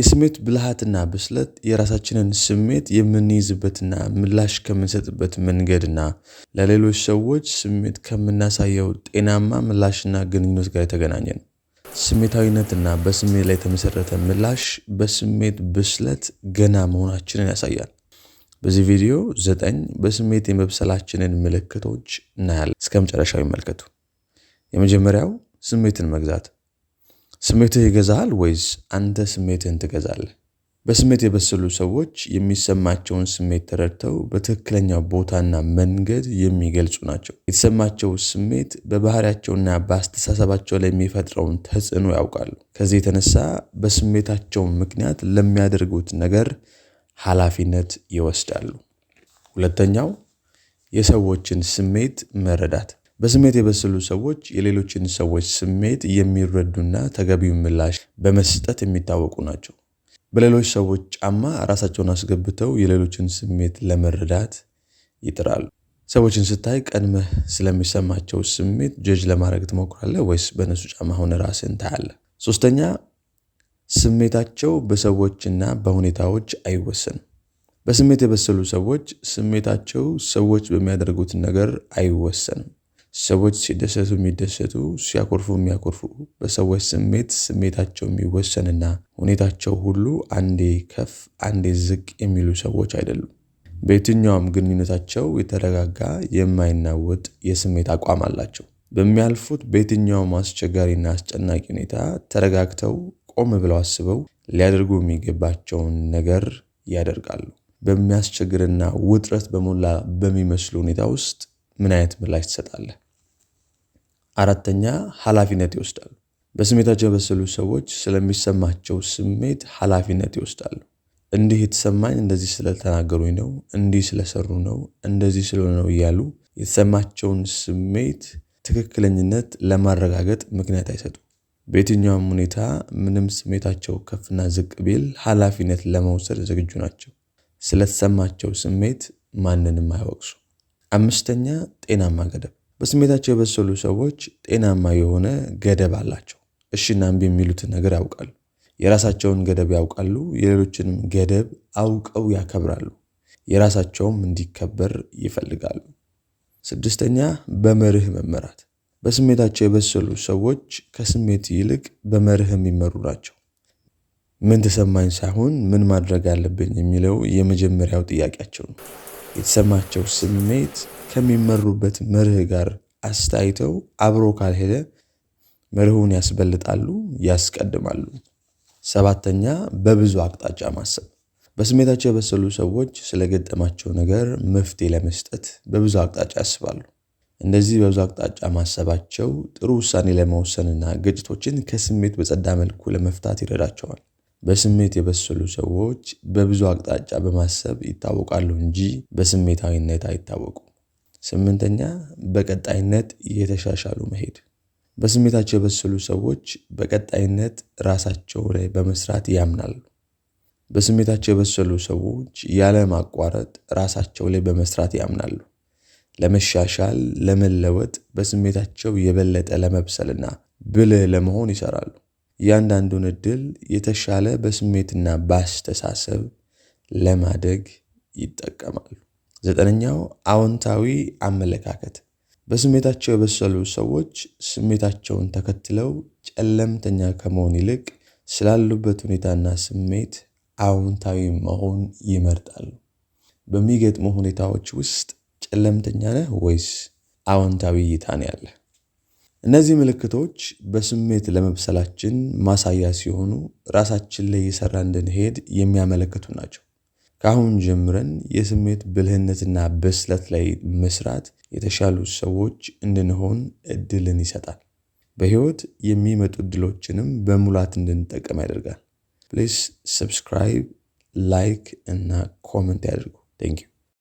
የስሜት ብልሃትና ብስለት የራሳችንን ስሜት የምንይዝበትና ምላሽ ከምንሰጥበት መንገድና ለሌሎች ሰዎች ስሜት ከምናሳየው ጤናማ ምላሽና ግንኙነት ጋር የተገናኘ ነው። ስሜታዊነትና በስሜት ላይ የተመሰረተ ምላሽ በስሜት ብስለት ገና መሆናችንን ያሳያል። በዚህ ቪዲዮ ዘጠኝ በስሜት የመብሰላችንን ምልክቶች እናያለን። እስከ መጨረሻው ይመልከቱ። የመጀመሪያው ስሜትን መግዛት ስሜትህ ይገዛሃል ወይስ አንተ ስሜትህን ትገዛለህ? በስሜት የበሰሉ ሰዎች የሚሰማቸውን ስሜት ተረድተው በትክክለኛው ቦታና መንገድ የሚገልጹ ናቸው። የተሰማቸው ስሜት በባህሪያቸውና በአስተሳሰባቸው ላይ የሚፈጥረውን ተጽዕኖ ያውቃሉ። ከዚህ የተነሳ በስሜታቸው ምክንያት ለሚያደርጉት ነገር ሀላፊነት ይወስዳሉ። ሁለተኛው የሰዎችን ስሜት መረዳት በስሜት የበሰሉ ሰዎች የሌሎችን ሰዎች ስሜት የሚረዱና ተገቢው ምላሽ በመስጠት የሚታወቁ ናቸው። በሌሎች ሰዎች ጫማ ራሳቸውን አስገብተው የሌሎችን ስሜት ለመረዳት ይጥራሉ። ሰዎችን ስታይ ቀድመህ ስለሚሰማቸው ስሜት ጀጅ ለማድረግ ትሞክራለህ ወይስ በእነሱ ጫማ ሆነ ራስን ታያለህ? ሶስተኛ ስሜታቸው በሰዎችና በሁኔታዎች አይወሰንም። በስሜት የበሰሉ ሰዎች ስሜታቸው ሰዎች በሚያደርጉት ነገር አይወሰንም። ሰዎች ሲደሰቱ የሚደሰቱ ሲያኮርፉ የሚያኮርፉ በሰዎች ስሜት ስሜታቸው የሚወሰንና ሁኔታቸው ሁሉ አንዴ ከፍ አንዴ ዝቅ የሚሉ ሰዎች አይደሉም። በየትኛውም ግንኙነታቸው የተረጋጋ የማይናወጥ የስሜት አቋም አላቸው። በሚያልፉት በየትኛውም አስቸጋሪና አስጨናቂ ሁኔታ ተረጋግተው ቆም ብለው አስበው ሊያደርጉ የሚገባቸውን ነገር ያደርጋሉ። በሚያስቸግርና ውጥረት በሞላ በሚመስሉ ሁኔታ ውስጥ ምን አይነት ምላሽ ትሰጣለህ? አራተኛ ኃላፊነት ይወስዳሉ። በስሜታቸው የበሰሉ ሰዎች ስለሚሰማቸው ስሜት ኃላፊነት ይወስዳሉ። እንዲህ የተሰማኝ እንደዚህ ስለተናገሩኝ ነው፣ እንዲህ ስለሰሩ ነው፣ እንደዚህ ስለሆነ ነው እያሉ የተሰማቸውን ስሜት ትክክለኝነት ለማረጋገጥ ምክንያት አይሰጡም። በየትኛውም ሁኔታ ምንም ስሜታቸው ከፍና ዝቅ ቢል ኃላፊነት ለመውሰድ ዝግጁ ናቸው። ስለተሰማቸው ስሜት ማንንም አይወቅሱ። አምስተኛ ጤናማ ገደብ። በስሜታቸው የበሰሉ ሰዎች ጤናማ የሆነ ገደብ አላቸው። እሽና እምቢ የሚሉትን ነገር ያውቃሉ። የራሳቸውን ገደብ ያውቃሉ። የሌሎችንም ገደብ አውቀው ያከብራሉ። የራሳቸውም እንዲከበር ይፈልጋሉ። ስድስተኛ በመርህ መመራት። በስሜታቸው የበሰሉ ሰዎች ከስሜት ይልቅ በመርህ የሚመሩ ናቸው። ምን ተሰማኝ ሳይሆን ምን ማድረግ አለብኝ የሚለው የመጀመሪያው ጥያቄያቸው ነው። የተሰማቸው ስሜት ከሚመሩበት መርህ ጋር አስተያይተው አብሮ ካልሄደ መርሁን ያስበልጣሉ፣ ያስቀድማሉ። ሰባተኛ በብዙ አቅጣጫ ማሰብ። በስሜታቸው የበሰሉ ሰዎች ስለገጠማቸው ነገር መፍትሄ ለመስጠት በብዙ አቅጣጫ ያስባሉ። እንደዚህ በብዙ አቅጣጫ ማሰባቸው ጥሩ ውሳኔ ለመወሰንና ግጭቶችን ከስሜት በጸዳ መልኩ ለመፍታት ይረዳቸዋል። በስሜት የበሰሉ ሰዎች በብዙ አቅጣጫ በማሰብ ይታወቃሉ እንጂ በስሜታዊነት አይታወቁም። ስምንተኛ በቀጣይነት እየተሻሻሉ መሄድ። በስሜታቸው የበሰሉ ሰዎች በቀጣይነት ራሳቸው ላይ በመስራት ያምናሉ። በስሜታቸው የበሰሉ ሰዎች ያለ ማቋረጥ ራሳቸው ላይ በመስራት ያምናሉ። ለመሻሻል፣ ለመለወጥ፣ በስሜታቸው የበለጠ ለመብሰልና ብልህ ለመሆን ይሰራሉ። እያንዳንዱን እድል የተሻለ በስሜትና በአስተሳሰብ ለማደግ ይጠቀማሉ። ዘጠነኛው አዎንታዊ አመለካከት በስሜታቸው የበሰሉ ሰዎች ስሜታቸውን ተከትለው ጨለምተኛ ከመሆን ይልቅ ስላሉበት ሁኔታና ስሜት አዎንታዊ መሆን ይመርጣሉ። በሚገጥሙ ሁኔታዎች ውስጥ ጨለምተኛ ነህ ወይስ አዎንታዊ እይታ ነው ያለህ? እነዚህ ምልክቶች በስሜት ለመብሰላችን ማሳያ ሲሆኑ፣ ራሳችን ላይ እየሰራ እንድንሄድ የሚያመለክቱ ናቸው። ከአሁን ጀምረን የስሜት ብልህነትና ብስለት ላይ መስራት የተሻሉ ሰዎች እንድንሆን እድልን ይሰጣል። በህይወት የሚመጡ እድሎችንም በሙላት እንድንጠቀም ያደርጋል። ፕሊስ ሰብስክራይብ፣ ላይክ እና ኮመንት ያድርጉ። ቴንክ ዩ